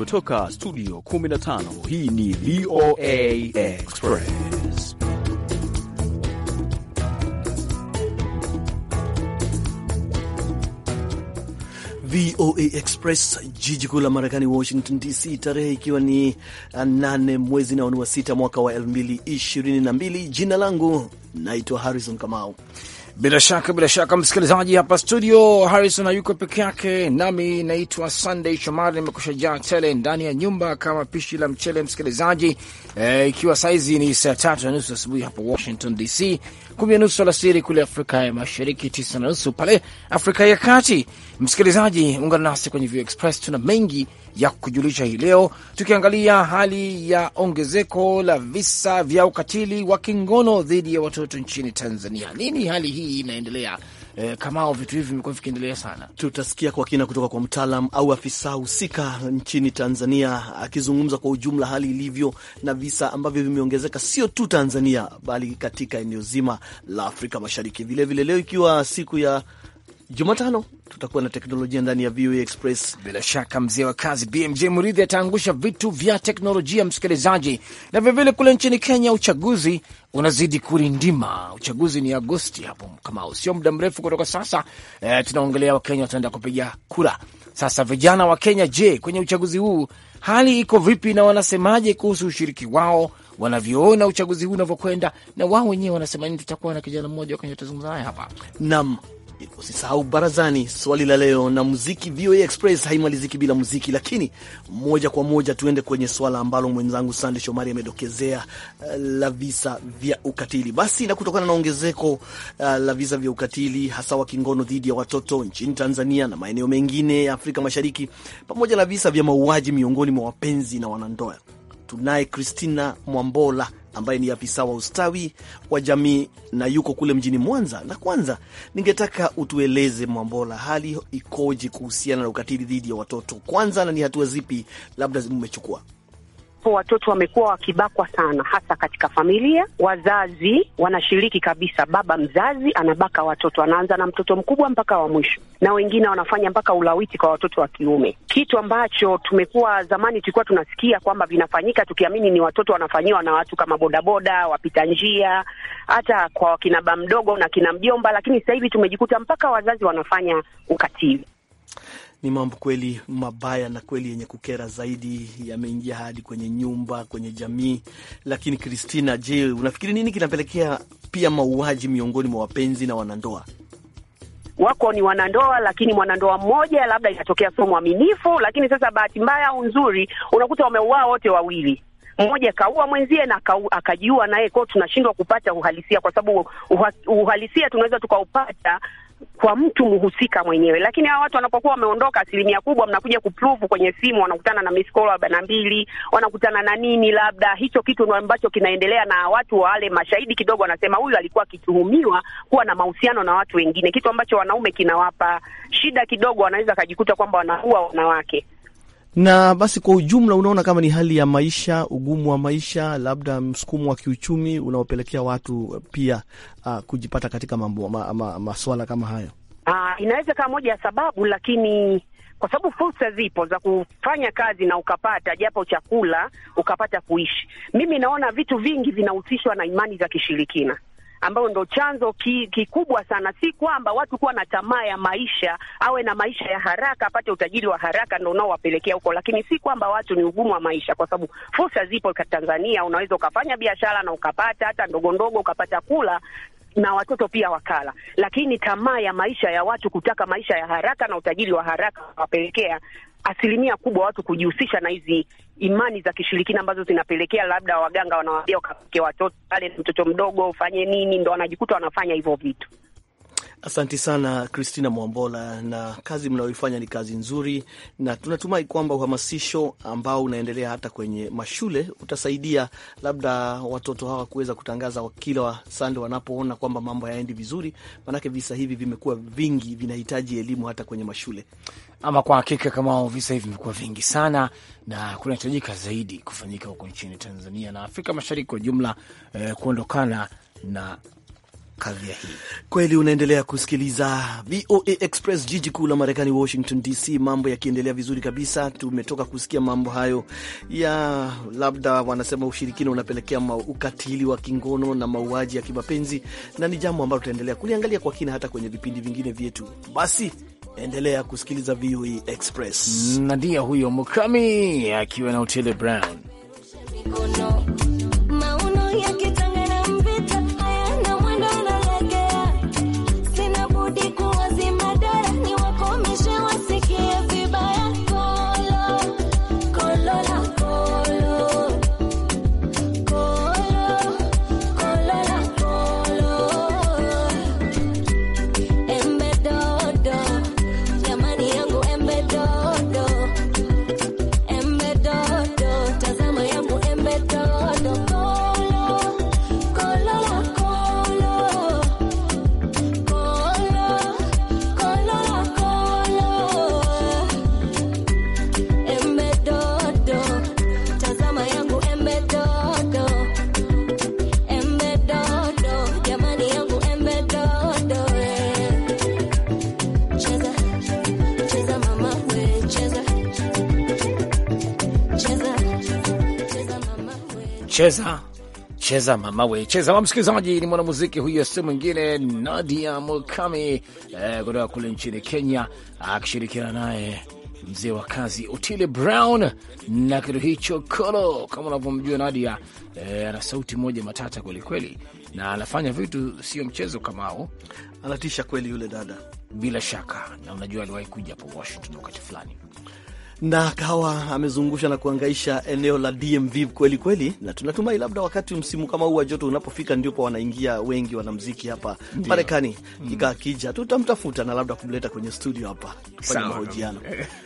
Kutoka studio 15 hii ni VOA Express. VOA Express, jiji kuu la Marekani, Washington DC, tarehe ikiwa ni 8 uh, mwezi naoni wa 6 mwaka wa 2022. Jina langu naitwa Harrison Kamau bila shaka bila shaka, msikilizaji, hapa studio Harrison hayuko peke yake, nami naitwa Sunday Shomari, nimekusha jaa tele ndani ya nyumba kama pishi la mchele. Msikilizaji e, ikiwa saizi ni saa tatu na nusu asubuhi hapa Washington DC, kumi na nusu alasiri kule Afrika ya Mashariki, tisa na nusu pale Afrika ya Kati. Msikilizaji, ungana nasi kwenye View Express, tuna mengi ya kujulisha hii leo, tukiangalia hali ya ongezeko la visa vya ukatili wa kingono dhidi ya watoto nchini Tanzania. Nini hali hii inaendelea? E, kamao vitu hivi vimekuwa vikiendelea sana. Tutasikia kwa kina kutoka kwa mtaalam au afisa husika nchini Tanzania akizungumza kwa ujumla hali ilivyo na visa ambavyo vimeongezeka sio tu Tanzania bali katika eneo zima la Afrika Mashariki vilevile. Leo ikiwa siku ya Jumatano tutakuwa na teknolojia ndani ya VOA Express. Bila shaka mzee wa kazi BMJ Muridhi ataangusha vitu vya teknolojia, msikilizaji. Na vilevile kule nchini Kenya uchaguzi unazidi kurindima. Uchaguzi ni Agosti hapo, kama sio muda mrefu kutoka sasa. E, tunaongelea Wakenya wataenda kupiga kura. Sasa vijana wa Kenya, je, kwenye uchaguzi huu hali iko vipi na wanasemaje kuhusu ushiriki wao, wanavyoona uchaguzi huu unavyokwenda, na wao wenyewe wanasema nini? Tutakuwa na kijana mmoja wa Kenya tutazungumza naye hapa nam Usisahau barazani, swali la leo na muziki. VOA Express haimaliziki bila muziki, lakini moja kwa moja tuende kwenye swala ambalo mwenzangu Sande Shomari amedokezea eh, la visa vya ukatili. Basi, na kutokana na ongezeko uh, la visa vya ukatili hasa wa kingono dhidi ya watoto nchini Tanzania na maeneo mengine ya Afrika Mashariki, pamoja na visa vya mauaji miongoni mwa wapenzi na wanandoa, tunaye Christina Mwambola ambaye ni afisa wa ustawi wa jamii na yuko kule mjini Mwanza. Na kwanza ningetaka utueleze Mwambola, hali ikoje kuhusiana na ukatili dhidi ya watoto kwanza, na ni hatua zipi labda mmechukua? ambapo watoto wamekuwa wakibakwa sana, hasa katika familia. Wazazi wanashiriki kabisa, baba mzazi anabaka watoto, anaanza na mtoto mkubwa mpaka wa mwisho, na wengine wanafanya mpaka ulawiti kwa watoto wa kiume, kitu ambacho tumekuwa zamani, tulikuwa tunasikia kwamba vinafanyika tukiamini ni watoto wanafanyiwa na watu kama bodaboda, wapita njia, hata kwa wakina ba mdogo na kina mjomba, lakini sasa hivi tumejikuta mpaka wazazi wanafanya ukatili. Ni mambo kweli mabaya na kweli yenye kukera zaidi, yameingia hadi kwenye nyumba, kwenye jamii. Lakini Kristina, je, unafikiri nini kinapelekea pia mauaji miongoni mwa wapenzi na wanandoa? Wako ni wanandoa, lakini mwanandoa mmoja labda inatokea sio mwaminifu, lakini sasa bahati mbaya au nzuri, unakuta wameuaa wote wawili mmoja kaua mwenzie na akajiua naye kwao. Tunashindwa kupata uhalisia, kwa sababu uhalisia tunaweza tukaupata kwa mtu mhusika mwenyewe, lakini hawa watu wanapokuwa wameondoka, asilimia kubwa mnakuja kuprove kwenye simu, wanakutana na miss arobaini na mbili, wanakutana na nini, labda hicho kitu ambacho kinaendelea, na watu wale mashahidi kidogo wanasema huyu alikuwa akituhumiwa kuwa na mahusiano na watu wengine, kitu ambacho wanaume kinawapa shida kidogo, wanaweza akajikuta kwamba wanaua wanawake. Na basi kwa ujumla, unaona kama ni hali ya maisha, ugumu wa maisha, labda msukumo wa kiuchumi unaopelekea watu pia uh, kujipata katika mambo ma, ma, maswala kama hayo. Uh, inaweza kama moja ya sababu, lakini kwa sababu fursa zipo za kufanya kazi na ukapata japo chakula ukapata kuishi. Mimi naona vitu vingi vinahusishwa na imani za kishirikina ambayo ndo chanzo kikubwa ki sana, si kwamba watu kuwa na tamaa ya maisha, awe na maisha ya haraka, apate utajiri wa haraka ndo unaowapelekea huko, lakini si kwamba watu ni ugumu wa maisha, kwa sababu fursa zipo Tanzania. Unaweza ukafanya biashara na ukapata hata ndogo ndogo, ukapata kula na watoto pia wakala, lakini tamaa ya maisha ya watu kutaka maisha ya haraka na utajiri wa haraka wapelekea asilimia kubwa watu kujihusisha na hizi imani za kishirikina ambazo zinapelekea labda waganga wanawaambia ukawake watoto pale, mtoto mdogo ufanye nini, ndo wanajikuta wanafanya hivyo vitu. Asanti sana Christina Mwambola, na kazi mnayoifanya ni kazi nzuri, na tunatumai kwamba uhamasisho ambao unaendelea hata kwenye mashule utasaidia labda watoto hawa kuweza kutangaza kila sande wanapoona kwamba mambo hayaendi vizuri, maanake visa hivi vimekuwa vingi, vinahitaji elimu hata kwenye mashule. Ama kwa hakika kama visa hivi vimekuwa vingi sana na kunahitajika zaidi kufanyika huko nchini Tanzania na Afrika Mashariki kwa jumla, eh, kuondokana na kadhia hii. Kweli unaendelea kusikiliza VOA Express, jiji kuu la Marekani, Washington DC. Mambo yakiendelea vizuri kabisa. Tumetoka kusikia mambo hayo ya labda wanasema ushirikina unapelekea ukatili wa kingono na mauaji ya kimapenzi, na ni jambo ambalo tutaendelea kuliangalia kwa kina hata kwenye vipindi vingine vyetu. Basi endelea kusikiliza VOA Express. Nadia huyo Mukami akiwa na Otile Brown cheza cheza mama we cheza Wa Msikilizaji, ni mwanamuziki huyo, si mwingine Nadia Mukami eh, kutoka kule nchini Kenya, akishirikiana naye mzee wa kazi Otile Brown na kitu hicho kolo. Kama unavyomjua Nadia eh, ana sauti moja matata kwelikweli, na anafanya vitu sio mchezo. kama au anatisha kweli yule dada, bila shaka, na unajua aliwahi kuja hapo Washington wakati fulani na akawa amezungusha na kuangaisha eneo la DMV kweli kweli, na tunatumai labda wakati msimu kama huu wa joto unapofika, ndipo wanaingia wengi wanamziki hapa Marekani. Mm. Ikakija tutamtafuta na labda kumleta kwenye studio hapa kufanya mahojiano.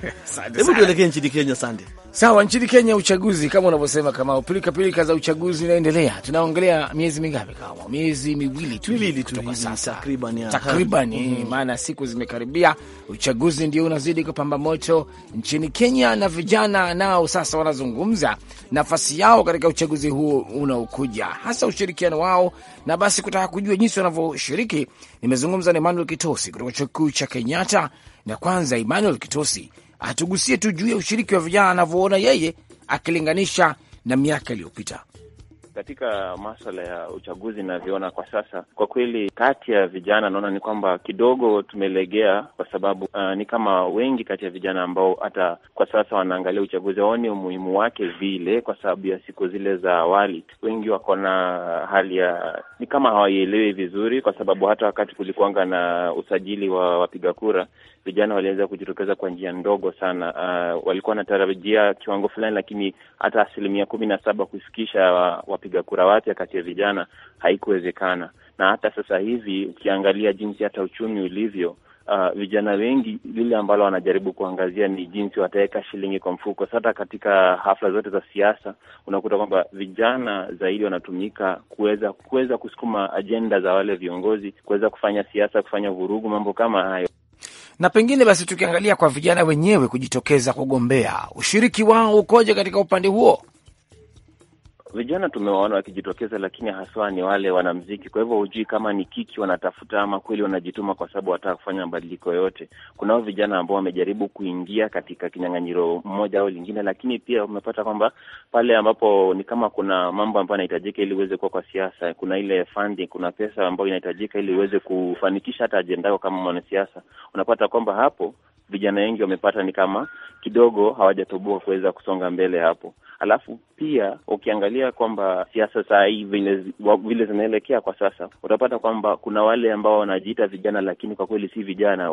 Hebu tuelekee nchini Kenya. Sande, sawa. Nchini Kenya uchaguzi kama unavyosema, kama pilika pilika za uchaguzi inaendelea. Tunaongelea miezi mingapi? Kama miezi miwili tu miwili tu takriban, takriban, mm-hmm. maana siku zimekaribia, uchaguzi ndio unazidi kupamba moto nchini Kenya kenya na vijana nao sasa wanazungumza nafasi yao katika uchaguzi huo unaokuja, hasa ushirikiano wao. Na basi kutaka kujua jinsi wanavyoshiriki, nimezungumza na Emmanuel Kitosi kutoka chuo kikuu cha Kenyatta. Na kwanza Emmanuel Kitosi atugusie tu juu ya ushiriki wa vijana anavyoona yeye akilinganisha na miaka iliyopita katika maswala ya uchaguzi inavyoona kwa sasa, kwa kweli kati ya vijana naona ni kwamba kidogo tumelegea, kwa sababu uh, ni kama wengi kati ya vijana ambao hata kwa sasa wanaangalia uchaguzi waone umuhimu wake vile, kwa sababu ya siku zile za awali, wengi wako na hali ya ni kama hawaielewi vizuri, kwa sababu hata wakati kulikuanga na usajili wa wapiga kura vijana waliweza kujitokeza kwa njia ndogo sana. Uh, walikuwa wanatarajia kiwango fulani, lakini hata asilimia kumi na saba kufikisha wapiga kura wapya kati ya vijana haikuwezekana. Na hata sasa hivi ukiangalia jinsi hata uchumi ulivyo Uh, vijana wengi lile ambalo wanajaribu kuangazia ni jinsi wataweka shilingi kwa mfuko. Sasa katika hafla zote za siasa unakuta kwamba vijana zaidi wanatumika kuweza kuweza kusukuma ajenda za wale viongozi, kuweza kufanya siasa, kufanya vurugu, mambo kama hayo. Na pengine basi tukiangalia kwa vijana wenyewe kujitokeza kugombea, ushiriki wao ukoje katika upande huo? Vijana tumewaona wakijitokeza, lakini haswa ni wale wanamziki. Kwa hivyo hujui kama ni kiki wanatafuta ama kweli wanajituma, kwa sababu wataka kufanya mabadiliko yote. Kunao vijana ambao wamejaribu kuingia katika kinyang'anyiro mmoja au lingine, lakini pia umepata kwamba pale ambapo ni kama kuna mambo ambayo yanahitajika ili uweze kuwa kwa siasa, kuna ile funding, kuna pesa ambayo inahitajika ili uweze kufanikisha hata ajenda yako kama mwanasiasa, unapata kwamba hapo vijana wengi wamepata ni kama kidogo hawajatoboa kuweza kusonga mbele hapo. Alafu pia ukiangalia kwamba siasa saa hii vile, vile zinaelekea kwa sasa, utapata kwamba kuna wale ambao wanajiita vijana, lakini kwa kweli si vijana,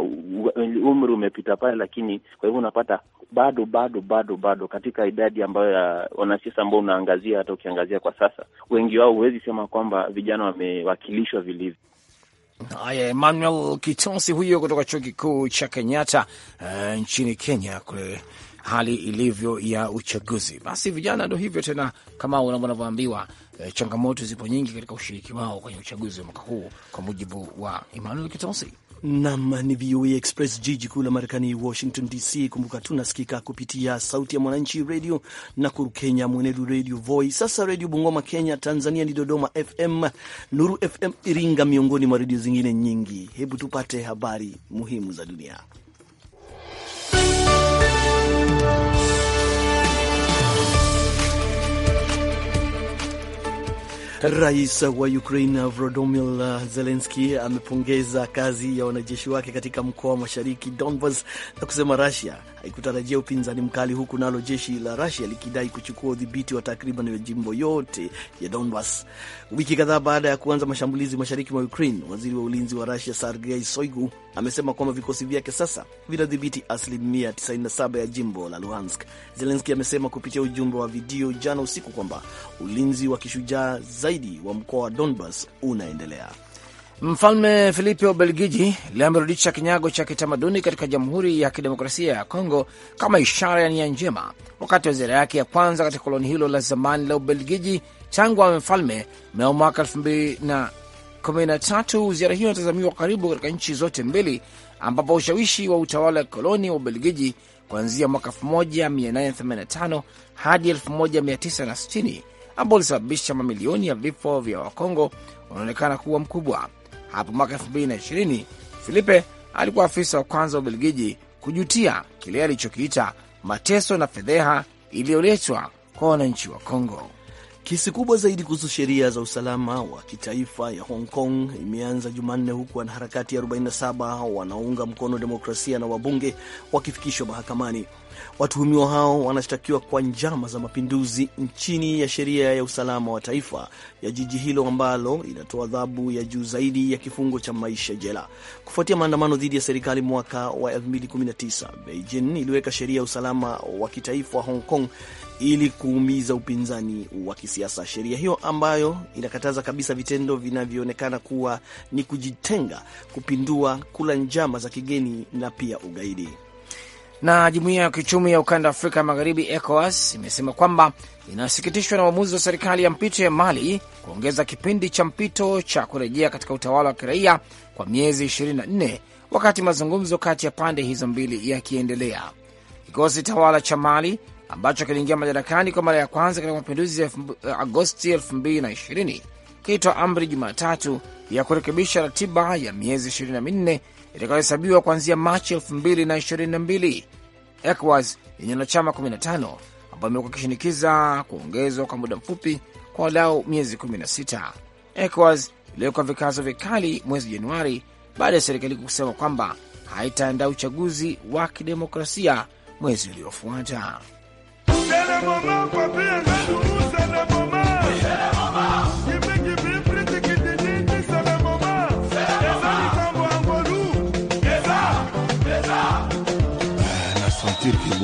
umri umepita pale, lakini kwa hivyo unapata bado bado bado bado katika idadi ambayo ya wanasiasa ambao unaangazia, hata ukiangazia kwa sasa, wengi wao huwezi sema kwamba vijana wamewakilishwa vilivyo. Haya, Emmanuel Kitonsi huyo kutoka chuo kikuu cha Kenyatta uh, nchini Kenya kule hali ilivyo ya uchaguzi. Basi vijana ndo hivyo tena, kama wanavyoambiwa e, eh, changamoto zipo nyingi katika ushiriki wao kwenye uchaguzi wa mwaka huu, kwa mujibu wa Emmanuel Kitosi. Nam ni VOA Express, jiji kuu la Marekani, Washington DC. Kumbuka tunasikika kupitia Sauti ya Mwananchi redio Nakuru Kenya, Mwenedu redio Voi, sasa redio Bungoma Kenya. Tanzania ni Dodoma FM, Nuru FM Iringa, miongoni mwa redio zingine nyingi. Hebu tupate habari muhimu za dunia. Rais wa Ukraine Volodymyr Zelensky amepongeza kazi ya wanajeshi wake katika mkoa wa mashariki Donbas na kusema Russia haikutarajia upinzani mkali, huku nalo jeshi la Rusia likidai kuchukua udhibiti wa takriban majimbo yote ya Donbas. Wiki kadhaa baada ya kuanza mashambulizi mashariki mwa Ukraine, waziri wa ulinzi wa Rusia Sergei Shoigu amesema kwamba vikosi vyake sasa vinadhibiti asilimia 97 ya jimbo la Luhansk. Zelenski amesema kupitia ujumbe wa video jana usiku kwamba ulinzi wa kishujaa zaidi wa mkoa wa Donbas unaendelea. Mfalme Filipe wa Ubelgiji leo amerudisha kinyago cha kitamaduni katika Jamhuri ya Kidemokrasia ya Kongo kama ishara ya nia njema, wakati wa ziara yake ya kwanza katika koloni hilo la zamani la Ubelgiji tangu awe mfalme mnamo mwaka 213 Ziara hiyo inatazamiwa karibu katika nchi zote mbili, ambapo ushawishi wa utawala wa koloni wa Ubelgiji kuanzia mwaka 1885 hadi 1960 ambao ulisababisha mamilioni ya vifo vya Wakongo unaonekana kuwa mkubwa. Hapo mwaka 220 Filipe alikuwa afisa wa kwanza wa Ubelgiji kujutia kile alichokiita mateso na fedheha iliyoletwa kwa wananchi wa Kongo. Kesi kubwa zaidi kuhusu sheria za usalama wa kitaifa ya Hong Kong imeanza Jumanne, huku wanaharakati 47 wanaounga mkono demokrasia na wabunge wakifikishwa mahakamani. Watuhumiwa hao wanashtakiwa kwa njama za mapinduzi chini ya sheria ya usalama wa taifa ya jiji hilo ambalo inatoa adhabu ya juu zaidi ya kifungo cha maisha jela. Kufuatia maandamano dhidi ya serikali mwaka wa 2019, Beijing iliweka sheria ya usalama wa kitaifa wa Hong Kong ili kuumiza upinzani wa kisiasa. Sheria hiyo ambayo inakataza kabisa vitendo vinavyoonekana kuwa ni kujitenga, kupindua, kula njama za kigeni na pia ugaidi. Na jumuiya ya kiuchumi ya ukanda wa Afrika ya Magharibi, ECOWAS, imesema kwamba inasikitishwa na uamuzi wa serikali ya mpito ya Mali kuongeza kipindi cha mpito cha kurejea katika utawala wa kiraia kwa miezi 24 wakati mazungumzo kati ya pande hizo mbili yakiendelea. Kikosi tawala cha Mali ambacho kiliingia madarakani kwa mara ya kwanza katika mapinduzi ya Agosti 2020 kilitoa amri Jumatatu ya kurekebisha ratiba ya miezi 24 itakayohesabiwa kuanzia Machi 2022. ECOWAS yenye wanachama 15 ambayo imekuwa ikishinikiza kuongezwa kwa muda mfupi kwa walau miezi 16. ECOWAS iliwekwa vikazo vikali mwezi Januari baada ya serikali kusema kwamba haitaandaa uchaguzi wa kidemokrasia mwezi uliofuata.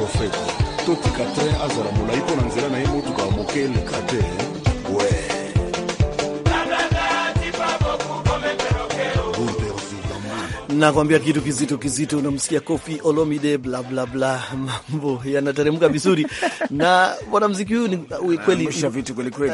profete totika te azala molai mpo na nzela na ye motuka ya moke eleka te we nakwambia kitu kizito kizito, unamsikia Kofi Olomide bla bla bla, mambo yanateremka vizuri na mwanamuziki huyu ni kweli,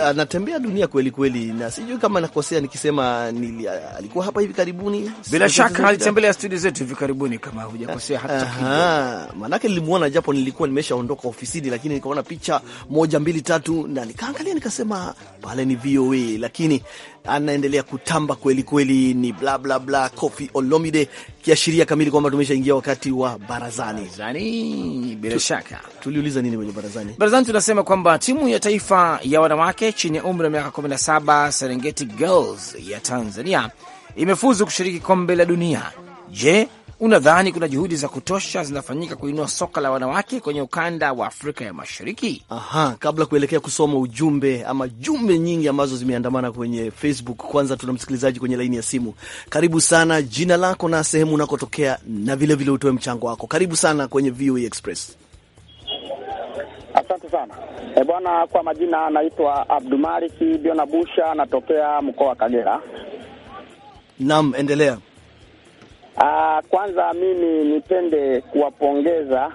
anatembea dunia kweli kweli, na sijui kama nakosea nikisema nili, alikuwa hapa hivi karibuni, bila shaka alitembelea studio zetu hivi karibuni, kama hujakosea hata kidogo, maanake nilimuona japo nilikuwa nimeshaondoka ofisini, lakini nikaona picha moja mbili tatu na nikaangalia nikasema pale ni VOA, lakini anaendelea kutamba kweli kweli, ni bla bla bla Kofi Olomide, kiashiria kamili kwamba tumeshaingia wakati wa barazani. Barazani bila shaka tuliuliza nini kwenye barazani? Barazani tunasema kwamba timu ya taifa ya wanawake chini ya umri wa miaka 17 Serengeti Girls ya Tanzania imefuzu kushiriki kombe la dunia. Je, Unadhani kuna juhudi za kutosha zinafanyika kuinua soka la wanawake kwenye ukanda wa Afrika ya Mashariki? Aha, kabla kuelekea kusoma ujumbe ama jumbe nyingi ambazo zimeandamana kwenye Facebook, kwanza tuna msikilizaji kwenye laini ya simu. Karibu sana, jina lako na sehemu unakotokea na vilevile utoe mchango wako. Karibu sana kwenye VOA e Express. Asante sana e, bwana. Kwa majina anaitwa Abdumaliki bionabusha anatokea mkoa wa Kagera. Naam, endelea. Uh, kwanza mimi nipende kuwapongeza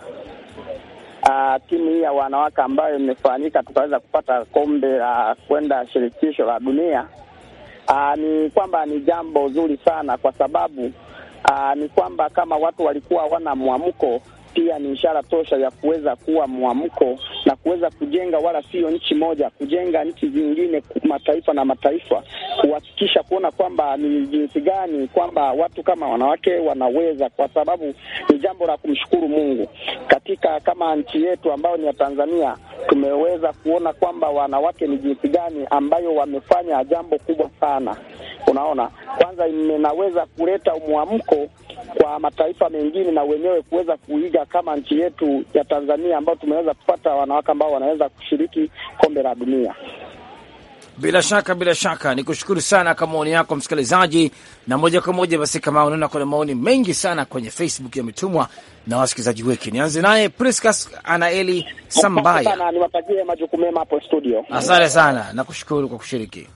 ah, timu hii ya wanawake ambayo imefanyika tukaweza kupata kombe la kwenda shirikisho la dunia. Uh, ni kwamba ni jambo zuri sana kwa sababu uh, ni kwamba kama watu walikuwa wana mwamko pia ni ishara tosha ya kuweza kuwa mwamko na kuweza kujenga, wala sio nchi moja, kujenga nchi zingine, mataifa na mataifa, kuhakikisha kuona kwamba ni jinsi gani kwamba watu kama wanawake wanaweza, kwa sababu ni jambo la kumshukuru Mungu katika kama nchi yetu ambayo ni ya Tanzania, tumeweza kuona kwamba wanawake ni jinsi gani ambayo wamefanya jambo kubwa sana Unaona, kwanza inaweza kuleta mwamko kwa mataifa mengine na wenyewe kuweza kuiga kama nchi yetu ya Tanzania, ambao tumeweza kupata wanawake ambao wanaweza kushiriki kombe la dunia. Bila shaka, bila shaka, ni kushukuru sana kwa maoni yako msikilizaji, na moja kwa moja basi, kama unaona kuna maoni mengi sana kwenye Facebook yametumwa na wasikilizaji weki. Nianze naye Priscas Anaeli Sambaya, niwatakie majukumu mema hapo studio. Asante sana, nakushukuru kwa kushiriki.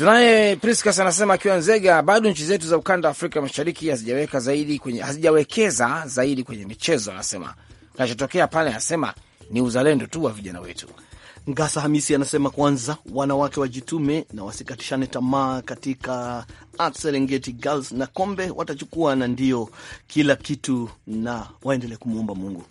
Tunaye Priscas anasema akiwa Nzega, bado nchi zetu za ukanda wa Afrika Mashariki hazijaweka zaidi kwenye, hazijawekeza zaidi kwenye michezo. Anasema kinachotokea pale, anasema ni uzalendo tu wa vijana wetu. Ngasa Hamisi anasema kwanza wanawake wajitume na wasikatishane tamaa katika at Serengeti Girls na kombe watachukua, na ndio kila kitu, na waendelee kumwomba Mungu.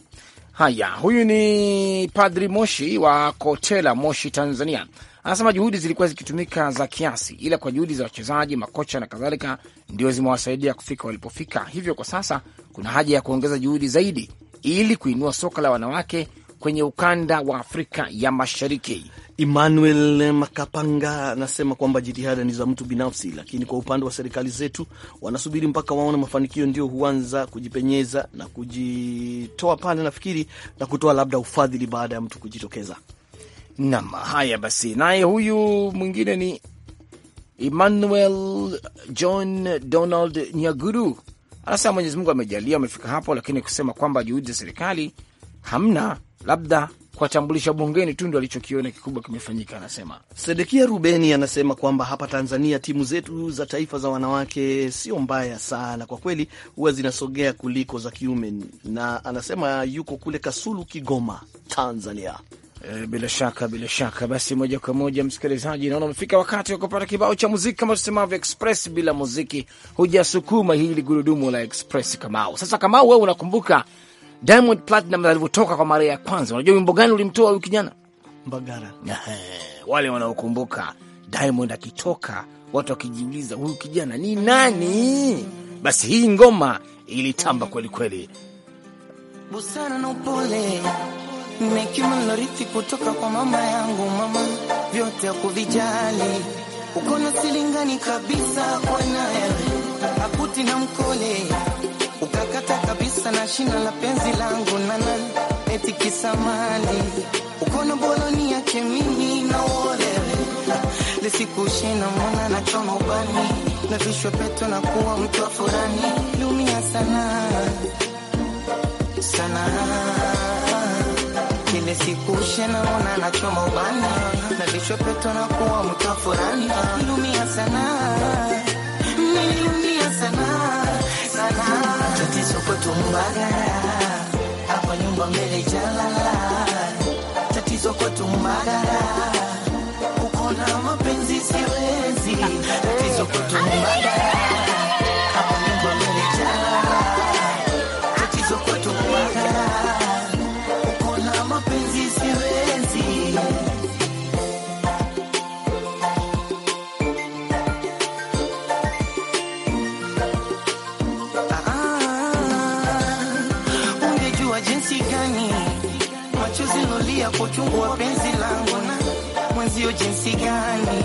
Haya, huyu ni Padri Moshi wa Kotela, Moshi, Tanzania. Anasema juhudi zilikuwa zikitumika za kiasi, ila kwa juhudi za wachezaji, makocha na kadhalika ndio zimewasaidia kufika walipofika. Hivyo kwa sasa kuna haja ya kuongeza juhudi zaidi ili kuinua soka la wanawake kwenye ukanda wa Afrika ya Mashariki. Emmanuel Makapanga anasema kwamba jitihada ni za mtu binafsi, lakini kwa upande wa serikali zetu wanasubiri mpaka waone mafanikio ndio huanza kujipenyeza na kujitoa pale, nafikiri na kutoa labda ufadhili baada ya mtu kujitokeza. Nam, haya basi, naye huyu mwingine ni Emmanuel John Donald Nyaguru anasema Mwenyezi Mungu amejalia amefika hapo, lakini kusema kwamba juhudi za serikali hamna, labda kuwatambulisha bungeni tu ndo alichokiona kikubwa kimefanyika. Anasema Sedekia Rubeni anasema kwamba hapa Tanzania timu zetu za taifa za wanawake sio mbaya sana kwa kweli, huwa zinasogea kuliko za kiume, na anasema yuko kule Kasulu, Kigoma, Tanzania. Eh, bila shaka bila shaka. Basi moja kwa moja, msikilizaji, naona umefika wakati wa kupata kibao cha muziki. Kama tusemavyo Express, bila muziki hujasukuma hili gurudumu la Express. Kamau, sasa Kamau, wewe unakumbuka Diamond Platinum alivyotoka kwa mara ya kwanza? Unajua wimbo gani ulimtoa huyu kijana Mbagara. Wale wanaokumbuka Diamond akitoka, watu wakijiuliza huyu kijana ni nani? Basi hii ngoma ilitamba kwelikweli, kweli, na upole Hekima nilorithi kutoka kwa mama yangu, mama vyote ya kuvijali, uko na silingani kabisa kwa naye akuti na mkole, ukakata kabisa na shina la penzi langu nana eti kisamali, uko na boloni yake mimi na wole lisikushina mwana na choma ubani na vishwa peto na kuwa mtu wa furani, lumia sana sana Kile siku ushanaona nachoma ubana na peto na kuwa mtafurani. Nilumia sana, nilumia sana sana, tatizo kwetu Mbagala, hapa nyumba mbele jalala, tatizo kwetu Mbagala, uko na mapenzi siwezi, tatizo kwetu Mbagala uchungu wa penzi langu na mwenzio, jinsi gani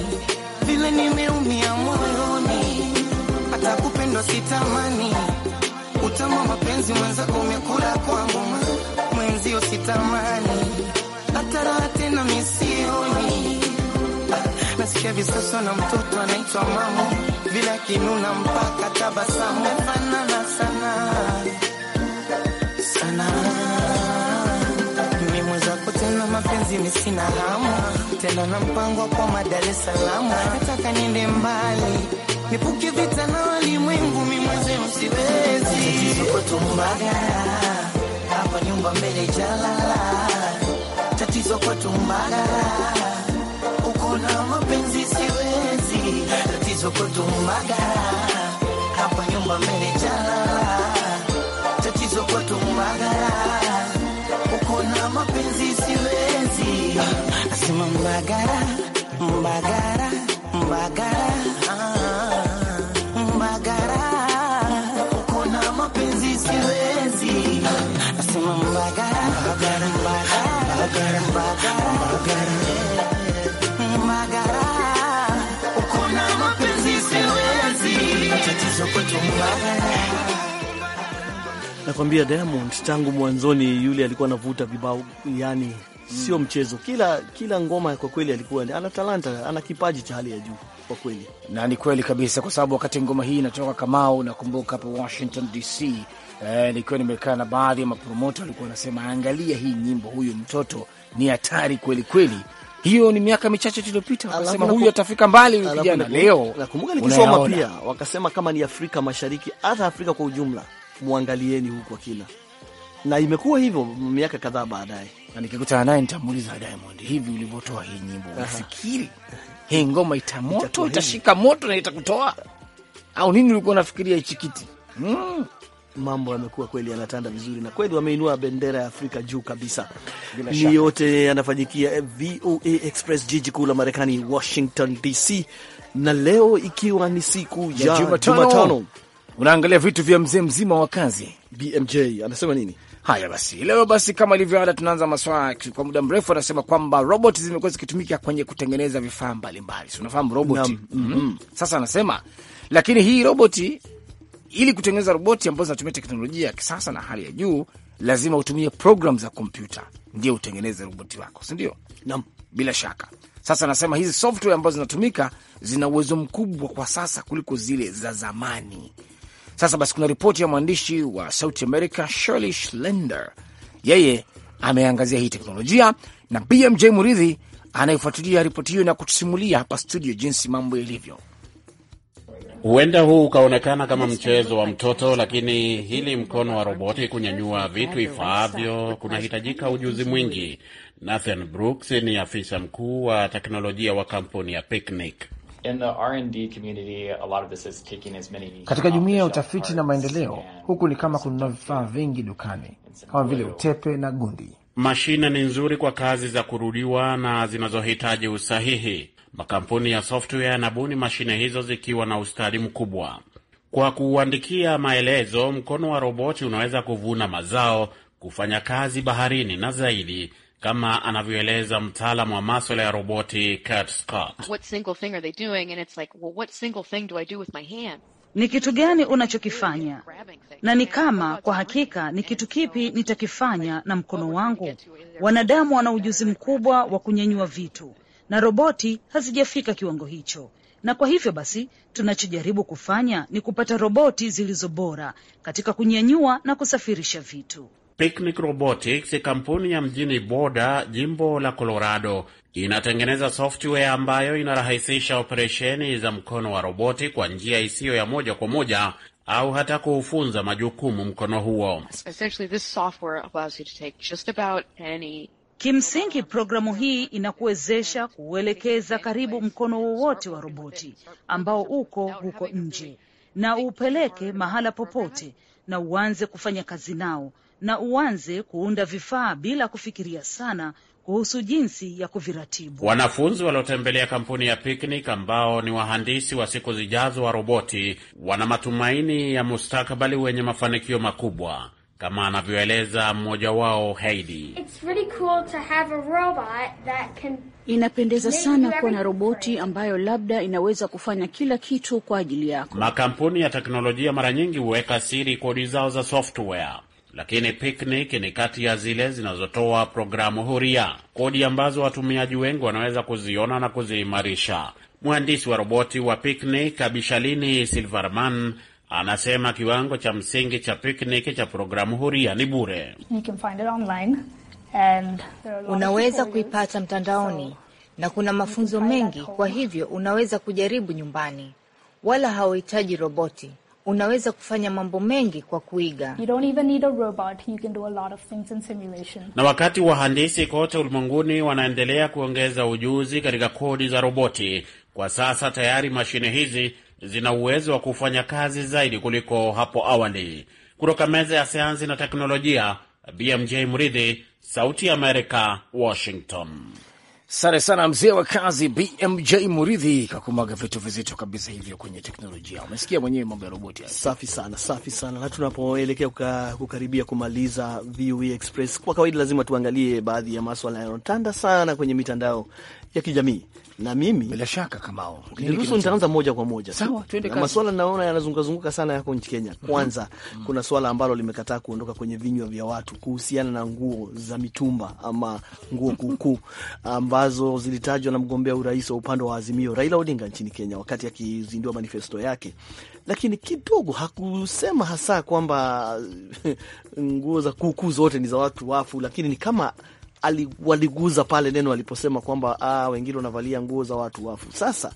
vile nimeumia moyoni, hata kupendwa sitamani. Utama mapenzi mwenza umekula kwangu, mwenzio sitamani hata raha tena misioni. Nasikia visoso na mtoto anaitwa mama vile akinuna mpaka tabasamu fanana sana mapenzi mimi sina hamu tena, na mpango kwa madare salama, nataka niende mbali, nipuke vita na walimwengu, mimi mwenze msiwezi hapa nyumba mbele jalala, tatizo kwa tumbagara, uko na mapenzi siwezi, tatizo kwa tumbagara, hapa nyumba mbele jalala, tatizo kwa tumbagara mapenzi siwezi, nasema mbagara, mbagara, mbagara, mbagara, uko mapenzi siwezi, nasema mbagara, mbagara, mbagara, mbagara, uko tatizo kwetu mbagara nakwambia Diamond tangu mwanzoni yule alikuwa anavuta vibao, yani mm. sio mchezo. Kila kila ngoma kwa kweli alikuwa ana talanta, ana kipaji cha hali ya juu kwa kweli, na ni kweli kabisa, kwa sababu wakati ngoma hii inatoka Kamau, nakumbuka hapa Washington DC eh, nikiwa nimekaa na baadhi ya mapromoto walikuwa wanasema, angalia hii nyimbo, huyu mtoto ni hatari kweli kweli. Hiyo ni miaka michache iliyopita, wakasema huyu atafika mbali huyu kijana. Leo nakumbuka nikisoma pia wakasema kama ni Afrika Mashariki, hata Afrika kwa ujumla mwangalieni huku kwa kina, na imekuwa hivyo miaka kadhaa baadaye. Na nikikutana naye nitamuuliza, Diamond, hivi ulivyotoa hii nyimbo unafikiri hii ngoma itamoto itashika moto na itakutoa au nini? Ulikuwa unafikiria hichi kiti mm. Mambo yamekuwa kweli yanatanda vizuri, na kweli wameinua bendera ya Afrika juu kabisa. Ni yote yanafanyikia eh, VOA Express, jiji kuu la Marekani, Washington DC, na leo ikiwa ni siku ya Jumatano unaangalia vitu vya mzee mzima wa kazi. BMJ anasema nini? Haya basi, leo basi, kama ilivyo ada, tunaanza maswala kwa muda mrefu. Anasema kwamba robot zimekuwa zikitumika kwenye kutengeneza vifaa mbalimbali, si unafahamu robot mm -hmm. Mm-hmm. Sasa anasema lakini hii roboti, ili kutengeneza roboti ambazo zinatumia teknolojia ya kisasa na hali ya juu, lazima utumie program za kompyuta ndio utengeneze roboti wako, sindio? ndio? Naam, bila shaka. Sasa anasema hizi software ambazo zinatumika zina uwezo mkubwa kwa sasa kuliko zile za zamani sasa basi, kuna ripoti ya mwandishi wa Sauti America Shirley Schlender, yeye ameangazia hii teknolojia na BMJ Muridhi anayefuatilia ripoti hiyo na kutusimulia hapa studio jinsi mambo yalivyo. Huenda huu ukaonekana kama mchezo wa mtoto, lakini hili mkono wa roboti kunyanyua vitu ifaavyo kunahitajika ujuzi mwingi. Nathan Brooks ni afisa mkuu wa teknolojia wa kampuni ya Picnic. Katika jumuiya ya utafiti na maendeleo, huku ni kama kununua vifaa vingi dukani kama vile utepe na gundi. Mashine ni nzuri kwa kazi za kurudiwa na zinazohitaji usahihi. Makampuni ya software yanabuni mashine hizo zikiwa na ustadi mkubwa. Kwa kuandikia maelezo, mkono wa roboti unaweza kuvuna mazao, kufanya kazi baharini na zaidi kama anavyoeleza mtaalamu wa maswala ya roboti Kurt Scott. Ni kitu gani unachokifanya? Na ni kama kwa hakika ni kitu kipi nitakifanya na mkono wangu? Wanadamu wana ujuzi mkubwa wa kunyanyua vitu, na roboti hazijafika kiwango hicho. Na kwa hivyo basi, tunachojaribu kufanya ni kupata roboti zilizo bora katika kunyanyua na kusafirisha vitu. Picnic Robotics, kampuni ya mjini Boulder, jimbo la Colorado, inatengeneza software ambayo inarahisisha operesheni za mkono wa roboti kwa njia isiyo ya moja kwa moja au hata kuufunza majukumu mkono huo. Kimsingi, programu hii inakuwezesha kuuelekeza karibu mkono wowote wa roboti ambao uko huko nje, na uupeleke mahala popote, na uanze kufanya kazi nao na uanze kuunda vifaa bila kufikiria sana kuhusu jinsi ya kuviratibu. Wanafunzi waliotembelea kampuni ya Picnic ambao ni wahandisi wa siku zijazo wa roboti wana matumaini ya mustakabali wenye mafanikio makubwa, kama anavyoeleza mmoja wao Heidi. Really cool can... inapendeza sana kuwa na roboti ambayo labda inaweza kufanya kila kitu kwa ajili yako. Makampuni ya teknolojia mara nyingi huweka siri kodi zao za software lakini Picnic ni kati ya zile zinazotoa programu huria, kodi ambazo watumiaji wengi wanaweza kuziona na kuziimarisha. Mhandisi wa roboti wa Picnic Abishalini Silverman anasema kiwango cha msingi cha Picnic cha programu huria ni bure. Unaweza kuipata mtandaoni, na kuna mafunzo mengi, kwa hivyo unaweza kujaribu nyumbani, wala hauhitaji roboti. Unaweza kufanya mambo mengi kwa kuiga. Na wakati wahandisi kote ulimwenguni wanaendelea kuongeza ujuzi katika kodi za roboti, kwa sasa tayari mashine hizi zina uwezo wa kufanya kazi zaidi kuliko hapo awali. Kutoka meza ya sayansi na teknolojia, BMJ Mridhi, Sauti ya Amerika, Washington. Sare sana mzee wa kazi BMJ Muridhi kakumaga vitu vizito kabisa hivyo kwenye teknolojia. Umesikia mwenyewe mambo ya roboti haya. Safi sana, safi sana. Na tunapoelekea kukaribia kumaliza VOA e Express, kwa kawaida lazima tuangalie baadhi ya maswala yanayotanda sana kwenye mitandao ya kijamii na mimi bila shaka Kamao, niruhusu nitaanza moja kwa moja. Sawa, twende kazi. Maswala naona yanazungukazunguka sana yako nchi Kenya. Mhm. Kwanza mm -hmm. kuna swala ambalo limekataa kuondoka kwenye vinywa vya watu kuhusiana na nguo za mitumba ama nguo kuukuu ambazo zilitajwa na mgombea urais wa upande wa Azimio Raila Odinga nchini Kenya wakati akizindua ya manifesto yake, lakini kidogo hakusema hasa kwamba nguo za kuukuu zote ni za watu wafu, lakini ni kama waliguza pale neno aliposema kwamba ah, wengine wanavalia nguo za watu wafu. Sasa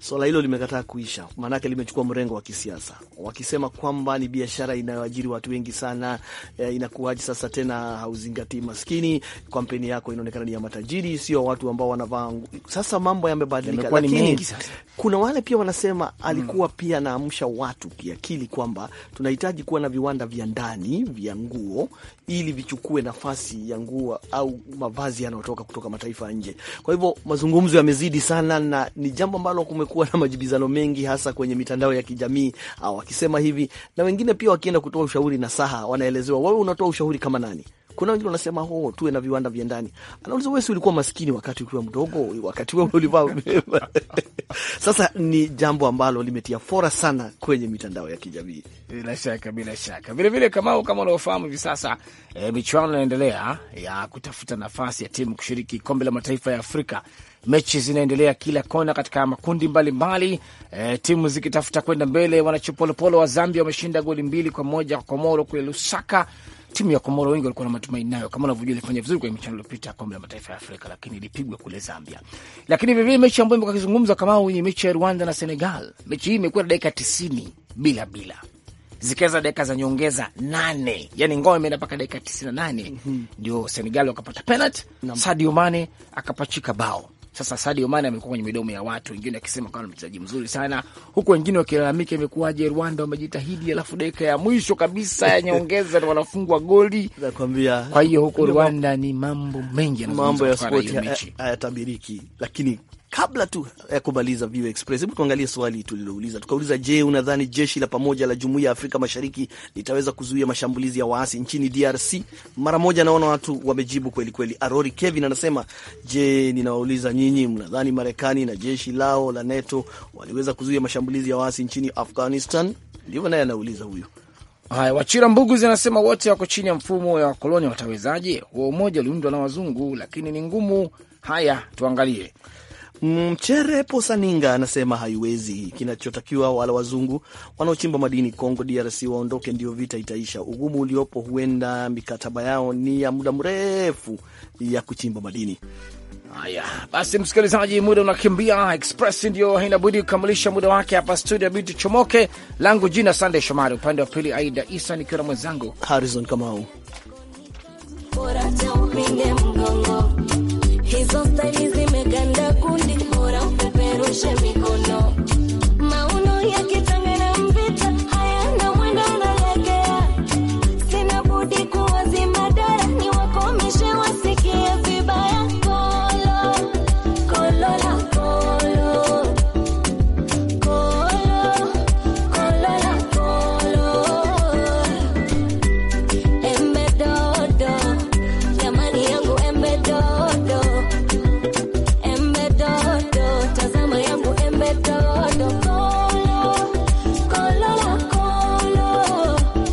Swala hilo limekataa kuisha, maanake limechukua mrengo wa kisiasa, wakisema kwamba ni biashara inayoajiri watu wengi sana. E, inakuwaje sasa tena hauzingatii maskini? Kampeni yako inaonekana ni ya matajiri, sio watu ambao wanavaa. Sasa mambo yamebadilika, lakini kuna wale pia wanasema alikuwa hmm. pia anaamsha watu kiakili kwamba tunahitaji kuwa na viwanda vya ndani vya nguo ili vichukue nafasi ya nguo au mavazi yanayotoka kutoka mataifa ya nje. Kwa hivyo mazungumzo yamezidi sana na ni jambo ambalo kume kumekuwa na majibizano mengi, hasa kwenye mitandao ya kijamii, au wakisema hivi na wengine pia wakienda kutoa ushauri na saha, wanaelezewa wewe unatoa ushauri kama nani? Kuna wengine wanasema oh, tuwe na viwanda vya ndani. Anauliza wewe, si ulikuwa maskini wakati ukiwa mdogo, wakati wewe ulivaa vyema? Sasa ni jambo ambalo limetia fora sana kwenye mitandao ya kijamii. Bila shaka, bila shaka. Vilevile Kamau, kama unavyofahamu hivi sasa e, michuano inaendelea ya kutafuta nafasi ya timu kushiriki kombe la mataifa ya Afrika mechi zinaendelea kila kona katika makundi mbalimbali mbali. E, timu zikitafuta kwenda mbele. Wanachipolopolo wa Zambia wameshinda goli mbili kwa moja kwa Komoro kule Lusaka. Timu ya Komoro wengi walikuwa na matumaini nayo, kama unavyojua ilifanya vizuri kwenye michuano iliyopita kombe la mataifa ya Afrika, lakini ilipigwa kule Zambia. Lakini vilevile mechi ambayo imekuwa akizungumzwa kama ni mechi ya Rwanda na Senegal. Mechi hii imekuwa na dakika tisini bila bila zikiweza dakika za nyongeza nane, yani ngoma imeenda mpaka dakika tisini na nane mhm. ndio mm -hmm. Senegal wakapata penalti, Sadio Mane akapachika bao sasa Sadio Mane amekuwa kwenye midomo ya watu wengine, akisema kama mchezaji mzuri sana, huku wengine wakilalamika imekuwaje Rwanda wamejitahidi, alafu dakika ya mwisho kabisa ya nyongeza wanafungwa goli. Kwa hiyo huko Rwanda ni mambo mengi, mambo ya hayatabiriki, lakini Kabla tu ya kumaliza VOA Express, hebu tuangalie swali tulilouliza. Tukauliza, je, unadhani jeshi la pamoja la Jumuiya ya Afrika Mashariki litaweza kuzuia mashambulizi ya waasi nchini DRC? Mara moja naona watu wamejibu kweli kweli. Arori Kevin anasema, je, ninawauliza nyinyi, mnadhani Marekani na jeshi lao la NATO waliweza kuzuia mashambulizi ya waasi nchini Afghanistan? Ndivyo naye anauliza huyo. Haya, Wachira Mbuguzi anasema wote wako chini ya mfumo ya wakoloni, watawezaje? Huo umoja uliundwa na wazungu, lakini ni ngumu. Haya, tuangalie mchere posaninga anasema haiwezi. Kinachotakiwa wala wazungu wanaochimba madini congo DRC waondoke, ndio vita itaisha. Ugumu uliopo, huenda mikataba yao ni ya muda mrefu ya kuchimba madini. Haya basi, msikilizaji, muda unakimbia. Express ndio haina budi kukamilisha muda wake hapa studio, Bitu chomoke. Langu jina Sandey Shomari, upande wa pili Aida Isa nikiwa na mwenzangu Harizon Kamau. semicono, ma uno y aquí